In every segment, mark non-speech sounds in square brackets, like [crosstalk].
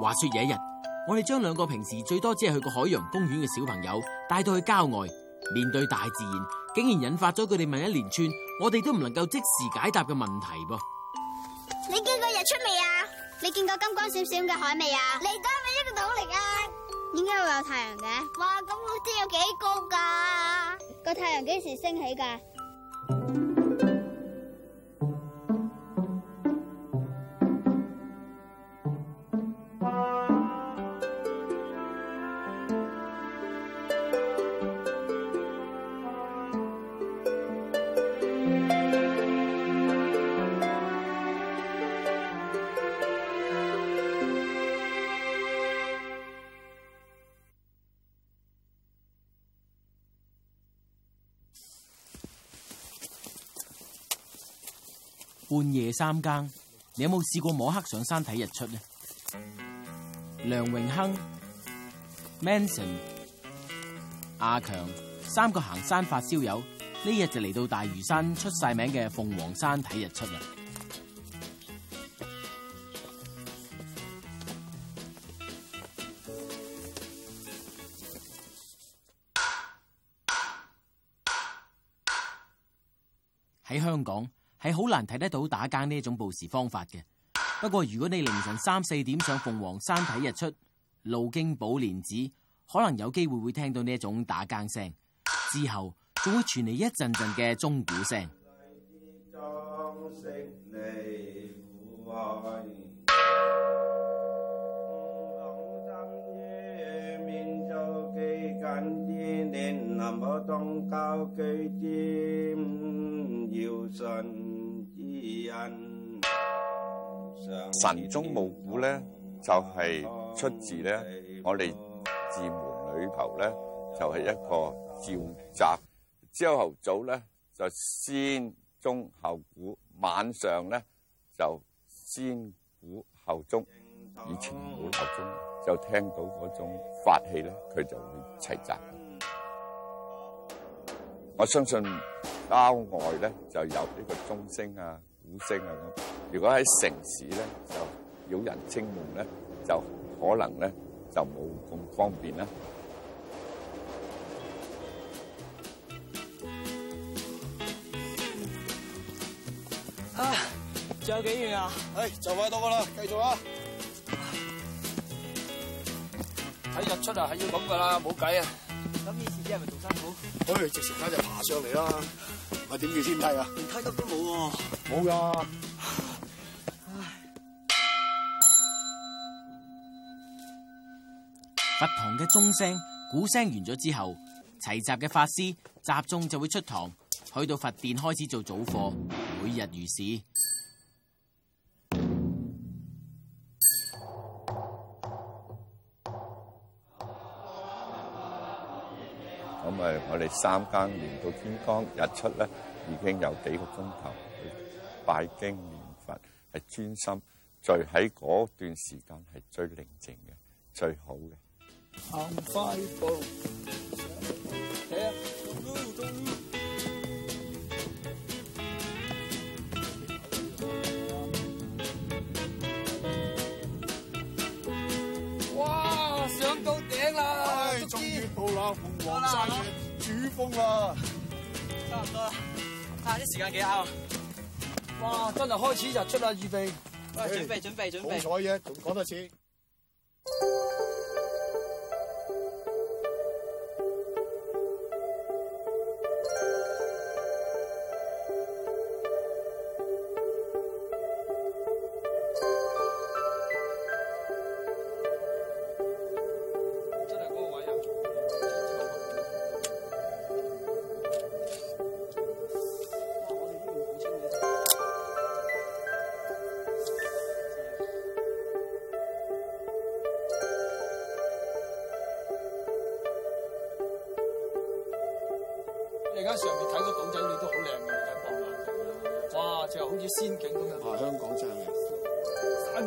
話說有一日，我哋將兩個平時最多只係去過海洋公園嘅小朋友帶到去郊外，面對大自然，竟然引發咗佢哋問一連串我哋都唔能夠即時解答嘅問題噃。你見過日出未啊？你見過金光閃閃嘅海未啊？你都係咪一個島嚟啊？點解會有太陽嘅？哇，咁好似有幾高噶？個太陽幾時升起噶？半夜三更，你有冇試過摸黑上山睇日出呢？梁榮鏗、Manson、阿強三個行山發燒友呢日就嚟到大嶼山出晒名嘅鳳凰山睇日出啦！喺香港。係好難睇得到打更呢一種報時方法嘅，不過如果你凌晨三四點上鳳凰山睇日出，路經寶蓮寺，可能有機會會聽到呢一種打更聲，之後仲會傳嚟一陣陣嘅鐘鼓聲。要信依人，晨鐘暮鼓咧就係出自咧我哋寺門裏頭咧就係一個召集，朝頭早咧就先鐘後鼓，晚上咧就先鼓後鐘。以前冇鬧鐘，就聽到嗰種法器咧，佢就會齊集。我相信郊外咧就有呢個鐘聲啊、鼓聲啊咁。如果喺城市咧，就擾人清夢咧，就可能咧就冇咁方便啦。啊，仲有幾遠啊？哎，就快到噶啦，繼續啊！睇日出啊，係要咁噶啦，冇計啊！係咪做山道？唉，直食就爬上嚟啦。我點要先梯啊？連梯級都冇喎。冇噶。佛堂嘅鐘聲、鼓聲完咗之後，齊集嘅法師集中就會出堂，去到佛殿開始做早課，每日如是。咁誒，我哋三更唸到天光日出咧，已經有幾個鐘頭去拜經念佛，係專心聚喺嗰段時間係最寧靜嘅、最好嘅。差唔多啦，睇下啲時間幾啱。哇，真係開始日出喇，預備，對準備，準備，準備。好彩嘅，講多次。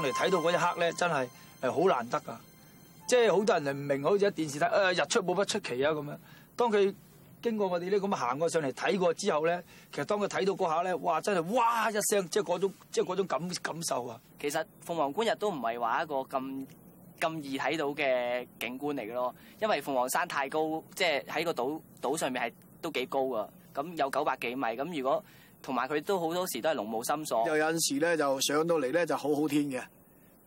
上嚟睇到嗰一刻咧，真係係好難得啊。即係好多人嚟唔明白，好似喺電視睇，誒日出冇乜出奇啊咁樣。當佢經過我哋咧咁行過上嚟睇過之後咧，其實當佢睇到嗰下咧，哇！真係哇一聲，即係嗰種即係嗰種感感受啊。其實鳳凰觀日都唔係話一個咁咁易睇到嘅景觀嚟嘅咯，因為鳳凰山太高，即係喺個島島上面係都幾高噶，咁有九百幾米咁如果。同埋佢都好多時都係濃霧深鎖，有陣時咧就上到嚟咧就好好天嘅，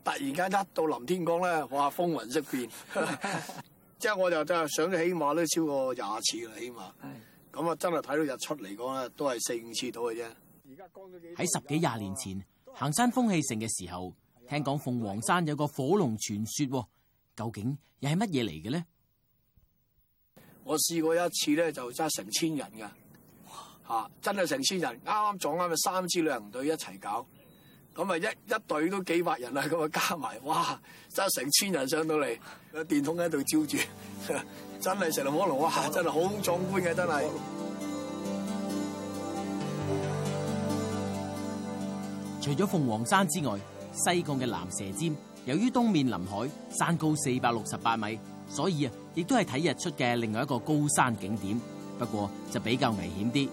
突然間一到林天光咧，哇，風雲色變，即 [laughs] 係我就真係上起碼都超過廿次啦，起碼咁啊，真係睇到日出嚟講咧都係四五次到嘅啫。而家喺十幾廿年前行山風氣盛嘅時候，的聽講鳳凰山有個火龍傳說，究竟又係乜嘢嚟嘅呢？我試過一次咧，就揸成千人噶。嚇、啊！真係成千人，啱啱撞啱咪三支旅行隊一齊搞，咁咪一一隊都幾百人啦、啊，咁啊加埋，哇！真係成千人上到嚟，個電筒喺度照住，真係成龍火龍，哇！真係好壯觀嘅，真係。除咗鳳凰山之外，西貢嘅蚺蛇尖，由於東面臨海，山高四百六十八米，所以啊，亦都係睇日出嘅另外一個高山景點。不過就比較危險啲。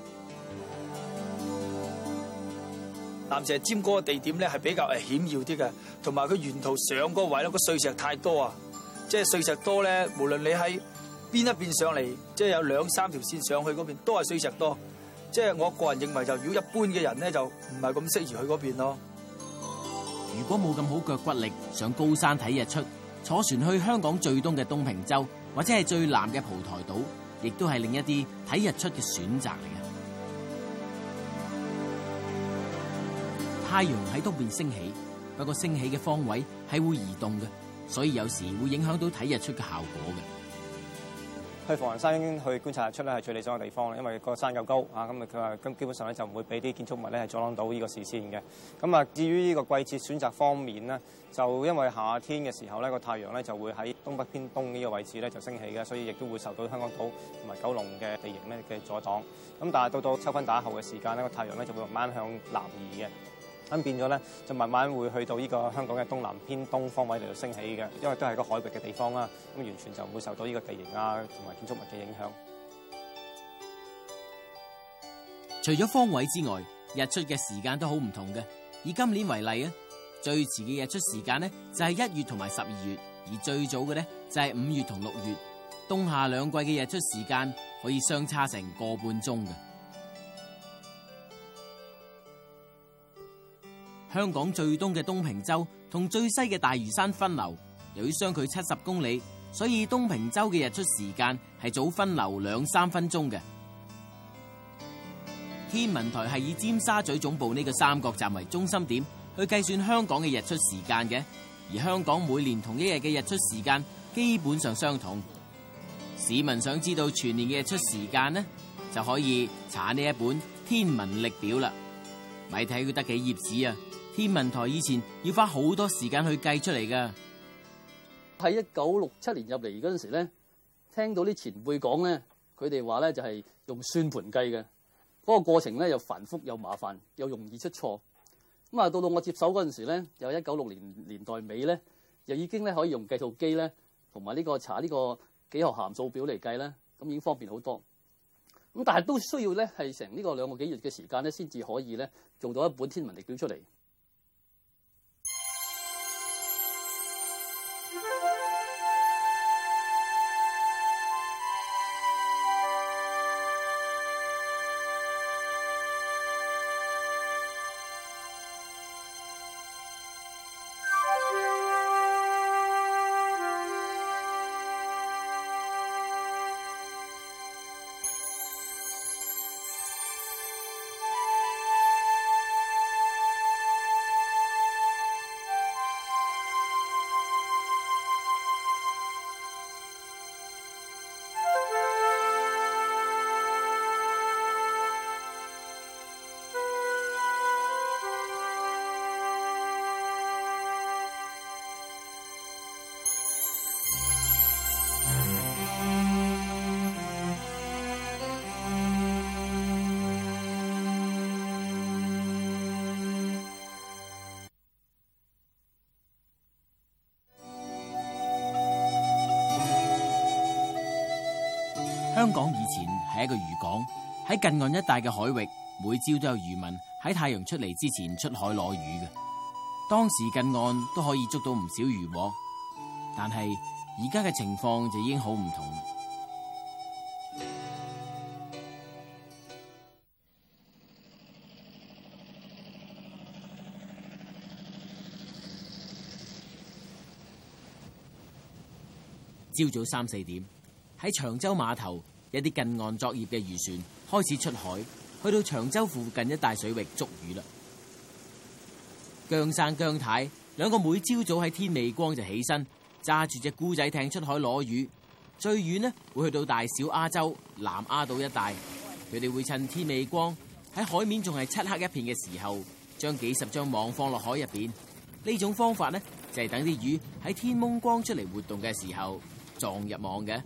蚺蛇尖嗰個地點咧係比較誒險要啲嘅，同埋佢沿途上嗰個位咧，個碎石太多啊！即係碎石多咧，無論你喺邊一邊上嚟，即係有兩三條線上去嗰邊都係碎石多。即係我個人認為，就如果一般嘅人咧，就唔係咁適宜去嗰邊咯。如果冇咁好腳骨力，上高山睇日出，坐船去香港最東嘅東平洲，或者係最南嘅蒲台島，亦都係另一啲睇日出嘅選擇嚟嘅。太陽喺東邊升起，不過升起嘅方位係會移動嘅，所以有時會影響到睇日出嘅效果嘅。去鳳凰山去觀察日出咧，係最理想嘅地方，因為個山又高啊，咁啊佢話咁基本上咧就唔會俾啲建築物咧係阻擋到呢個視線嘅。咁啊，至於呢個季節選擇方面咧，就因為夏天嘅時候咧，個太陽咧就會喺東北偏東呢個位置咧就升起嘅，所以亦都會受到香港島同埋九龍嘅地形咧嘅阻擋。咁但係到到秋分打後嘅時間咧，個太陽咧就會慢慢向南移嘅。咁變咗咧，就慢慢會去到呢個香港嘅東南偏東方位嚟到升起嘅，因為都係個海域嘅地方啦。咁完全就唔會受到呢個地形啊同埋建築物嘅影響。除咗方位之外，日出嘅時間都好唔同嘅。以今年為例啊，最遲嘅日出時間呢就係一月同埋十二月，而最早嘅呢就係五月同六月。冬夏兩季嘅日出時間可以相差成個半鐘嘅。香港最東嘅東平洲同最西嘅大嶼山分流，由於相距七十公里，所以東平洲嘅日出時間係早分流兩三分鐘嘅。天文台係以尖沙咀總部呢個三角站為中心點，去計算香港嘅日出時間嘅。而香港每年同一日嘅日出時間基本上相同。市民想知道全年嘅日出時間呢，就可以查呢一本天文曆表啦。咪睇佢得幾頁紙啊！天文台以前要花好多時間去計出嚟嘅。喺一九六七年入嚟嗰陣時咧，聽到啲前輩講咧，佢哋話咧就係用算盤計嘅。嗰、那個過程咧，又繁複又麻煩又容易出錯。咁啊，到到我接手嗰陣時咧，又一九六年年代尾咧，就已經咧可以用計數機咧，同埋呢個查呢個幾何函數表嚟計咧，咁已經方便好多。咁但係都需要咧係成呢個兩個幾月嘅時間咧，先至可以咧做到一本天文曆表出嚟。香港以前係一個漁港，喺近岸一帶嘅海域，每朝都有漁民喺太陽出嚟之前出海攞魚嘅。當時近岸都可以捉到唔少漁獲，但係而家嘅情況就已經好唔同。朝早三四點。喺長洲碼頭，一啲近岸作業嘅漁船開始出海，去到長洲附近一帶水域捉魚啦。姜生、姜太兩個每朝早喺天未光就起身，揸住隻姑仔艇出海攞魚。最遠呢會去到大小阿洲、南丫島一帶。佢哋會趁天未光喺海面仲係漆黑一片嘅時候，將幾十張網放落海入邊。呢種方法呢就係、是、等啲魚喺天蒙光出嚟活動嘅時候撞入網嘅。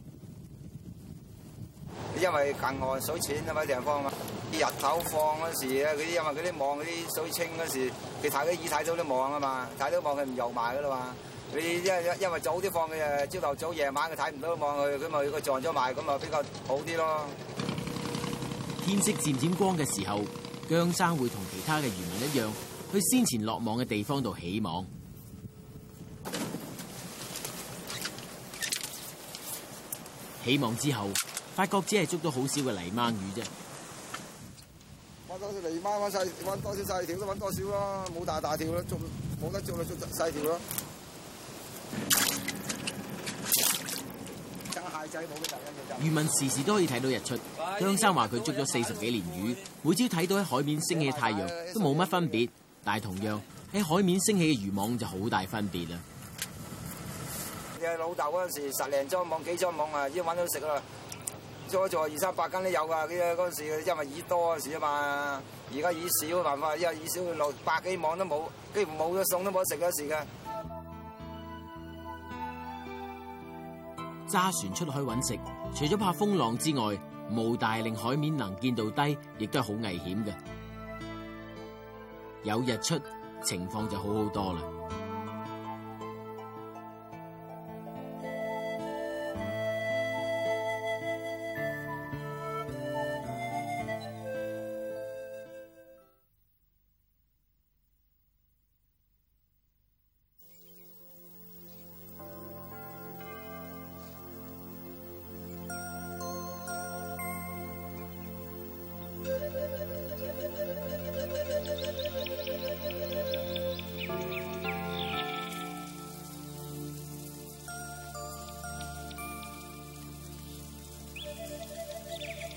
因為近岸水淺啊嘛，地方嘛。佢日頭放嗰時啊，嗰啲因為嗰啲網嗰啲水清嗰時，佢睇嗰啲魚睇到啲網啊嘛，睇到網佢唔游埋噶啦嘛。佢因因因為早啲放佢啊，朝頭早夜晚佢睇唔到網佢，佢咪佢撞咗埋，咁啊比較好啲咯。天色漸漸光嘅時候，姜生會同其他嘅漁民一樣，去先前落網嘅地方度起網。起網之後。發覺只係捉到好少嘅泥鰻魚啫。揾多少泥多少細條都多少咯，冇大大條咯，捉冇得捉咯，捉細條咯。漁民時時都可以睇到日出。張生話：佢捉咗四十幾年魚，哎哎哎、每朝睇到喺海面升起太陽都冇乜分別，哎哎、但係同樣喺、哎、呀海面升起嘅漁網就好大分別啦。你老豆嗰陣時十零張網幾張網啊，已經揾到食啦。坐坐二三百斤都有噶，嗰陣時因為魚多嘅事啊嘛。而家魚少，嘅辦法因為魚少，六百幾網都冇，幾乎冇咗餸都冇得食嘅事嘅。揸船出去揾食，除咗怕風浪之外，霧大令海面能見度低，亦都係好危險嘅。有日出，情況就好好多啦。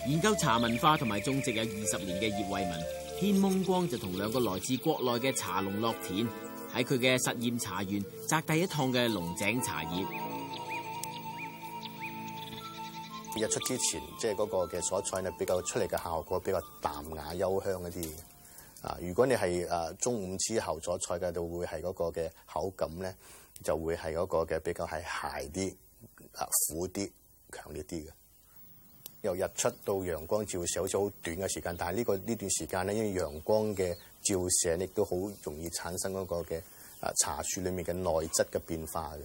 研究茶文化同埋種植有二十年嘅葉惠文，天蒙光就同兩個來自國內嘅茶農落田，喺佢嘅實驗茶園摘第一趟嘅龍井茶葉。日出之前，即係嗰個嘅所採咧比較出嚟嘅效果比較淡雅幽香一啲。啊，如果你係誒中午之後所採嘅，就會係嗰個嘅口感咧，就會係嗰個嘅比較係鹹啲、啊苦啲、強烈啲嘅。由日出到陽光照射，好似好短嘅時間，但係呢、這個呢段時間咧，因為陽光嘅照射亦都好容易產生個嘅啊茶樹裏面嘅內質嘅變化嘅。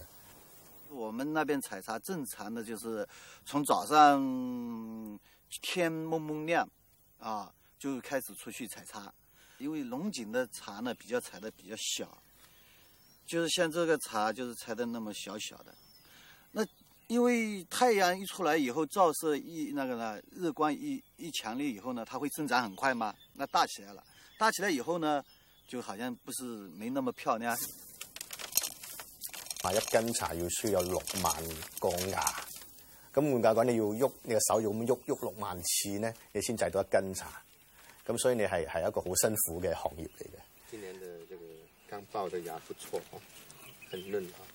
我們那邊採茶正常的就是從早上、嗯、天蒙蒙亮啊，就開始出去採茶。因為龍井的茶呢比較採得比較小，就是像這個茶就是採得那麼小小的。因為太陽一出來以後，照射一那個呢，日光一一強烈以後呢，它會生長很快嘛。那大起來了，大起來以後呢，就好像不是沒那麼漂亮。啊，一斤茶要需要六萬個芽，咁換家講你要喐你個手要咁喐喐六萬次呢，你先製到一斤茶。咁所以你係係一個好辛苦嘅行業嚟嘅。今年嘅這個剛爆嘅芽不錯啊，很嫩啊。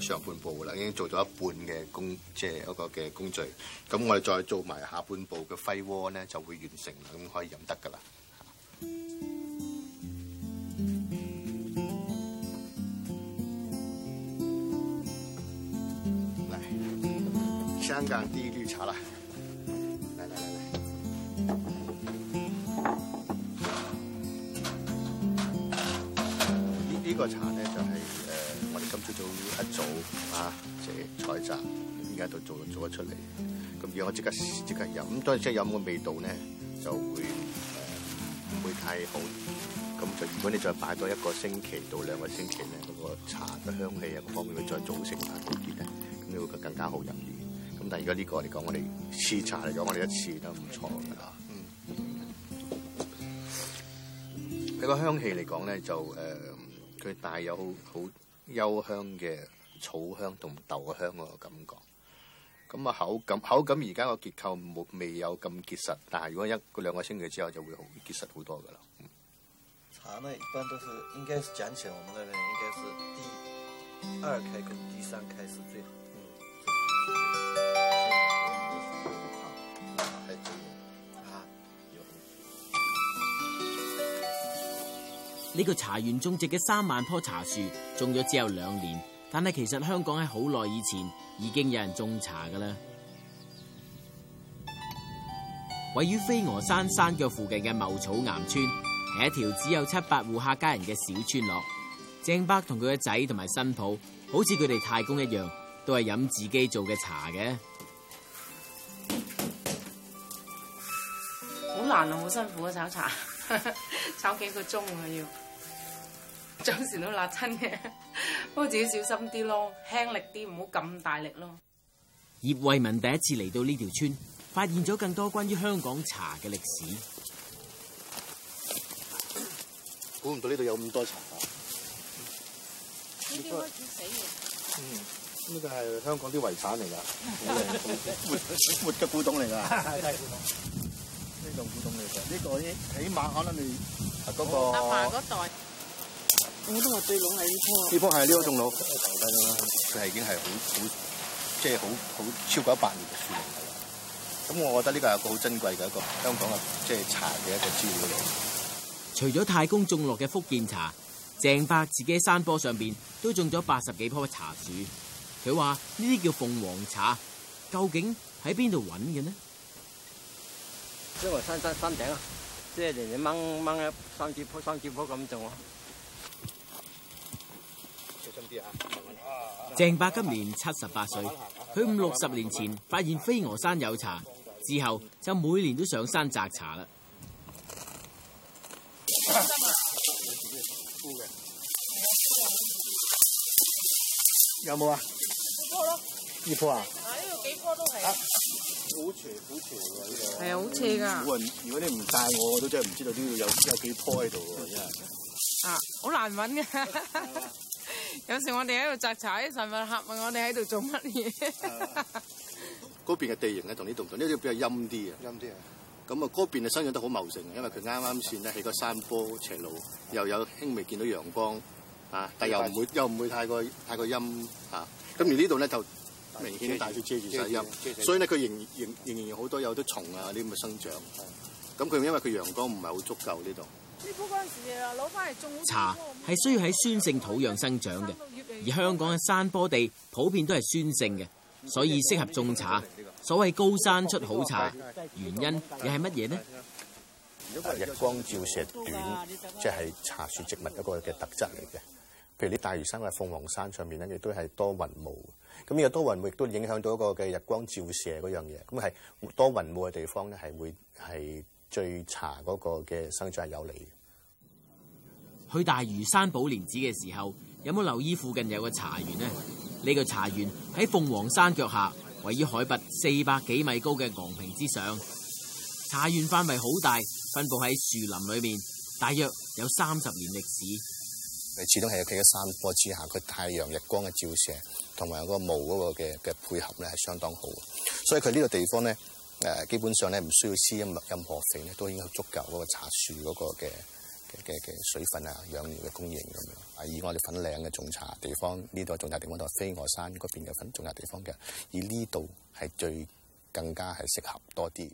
上半部啦，已經做咗一半嘅工，即係一個嘅工序。咁我哋再做埋下半部嘅揮鍋咧，就會完成啦，咁可以飲得噶啦。嚟，香港第一綠茶啦！而家都做做得出嚟，咁如果我即刻即刻飲，咁當即係飲嘅味道咧，就會誒唔、呃、會太好。咁就如果你再擺多一個星期到兩個星期咧，嗰、那個茶嘅香氣啊，嗰、那個、方面會再組成翻啲嘅，咁你會更加好飲啲。咁但係如果呢、這個嚟講，我哋試茶嚟講，我哋一次都唔錯嘅。嗯，佢個香氣嚟講咧，就誒佢、呃、帶有好幽香嘅草香同豆嘅香嗰個感覺。咁啊，口感，口感而家個結構冇，未有咁結實，但係如果一個兩個星期之後就會好結實好多噶啦。茶呢一般都是應該講起來，我們呢邊應該是第二開跟第三開是最好。嗯。呢個茶園種植嘅三萬棵茶樹種咗只有兩年。但係其實香港喺好耐以前已經有人種茶噶啦，位於飛鵝山山腳附近嘅茂草岩村係一條只有七八戶客家人嘅小村落。鄭伯同佢嘅仔同埋新抱，好似佢哋太公一樣，都係飲自己做嘅茶嘅。好難啊，好辛苦啊，炒茶，炒 [laughs] 幾個鐘啊要。有時都辣親嘅，不過自己小心啲咯，輕力啲，唔好咁大力咯。葉慧文第一次嚟到呢條村，發現咗更多關於香港茶嘅歷史。估唔到呢度有咁多茶。呢啲、嗯、開始死嘅，呢個係香港啲遺產嚟㗎，好靚， [laughs] 活活嘅古董嚟㗎。呢種 [laughs] [laughs] 古董嚟㗎，呢、呢個呢，起碼可能你、嗰個。好啊阿嫲代。嗰個啊嗰個我呢樖係呢棵種老，佢係已經係好好即係好好超過一百年嘅樹齡。咁我覺得呢個係一個好珍貴嘅一個香港嘅即係茶嘅一個資料嚟。除咗太公種落嘅福建茶，鄭伯自己喺山坡上邊都種咗八十幾樖茶樹。佢話呢啲叫鳳凰茶，究竟喺邊度揾嘅呢？因為山山山頂啊，即係連住掹掹一三幾樖三幾樖咁種啊。鄭伯今年七十八歲，佢五六十年前發現飛鵝山有茶，之後就每年都上山摘茶啦。有冇啊？幾棵啊？啊呢度幾棵都係。好斜好斜。係啊，好斜噶。如果你唔帶我，我都真係唔知道呢度有有幾棵喺度，真係。啊，好難搵嘅。有時我哋喺度摘茶，啲乘客問我哋喺度做乜嘢？嗰邊嘅地形咧同呢度唔同，呢度比較陰啲啊。陰啲啊！咁啊，嗰邊嘅生長得好茂盛，因為佢啱啱先咧喺個山坡斜路，又有輕微見到陽光啊，但又唔會又唔會太過太過陰啊。咁對而呢度咧就明顯大雪遮住晒陰，所以咧佢仍仍仍然好多有啲蟲啊啲咁嘅生長。咁佢對因為佢陽光唔係好足夠呢度。茶係需要喺酸性土壤生長嘅，而香港嘅山坡地普遍都係酸性嘅，所以適合種茶。所謂高山出好茶，原因又係乜嘢呢？日光照射短，即係茶樹植物一個嘅特質嚟嘅。譬如啲大嶼山嘅鳳凰山上面咧，亦都係多雲霧。咁呢個多雲霧亦都影響到一個嘅日光照射嗰樣嘢。咁係多雲霧嘅地方咧，係會係。最茶嗰個嘅生長係有利嘅。去大嶼山寶蓮寺嘅時候，有冇留意附近有個茶園呢？呢個茶園喺鳳凰山腳下，位於海拔四百幾米高嘅昂坪之上。茶園範圍好大，分布喺樹林裏面，大約有三十年歷史。佢始終係有企喺山坡之下，佢太陽日光嘅照射，同埋嗰個霧嗰個嘅嘅配合咧係相當好，所以佢呢個地方咧。誒基本上咧，唔需要施任何任何肥咧，都應該足夠嗰個茶樹嗰個嘅嘅嘅水分啊、養料嘅供應咁樣。啊，而我哋粉嶺嘅種茶地方，呢度種茶地方就係飛鵝山嗰邊嘅粉種茶地方嘅，而呢度係最更加係適合多啲。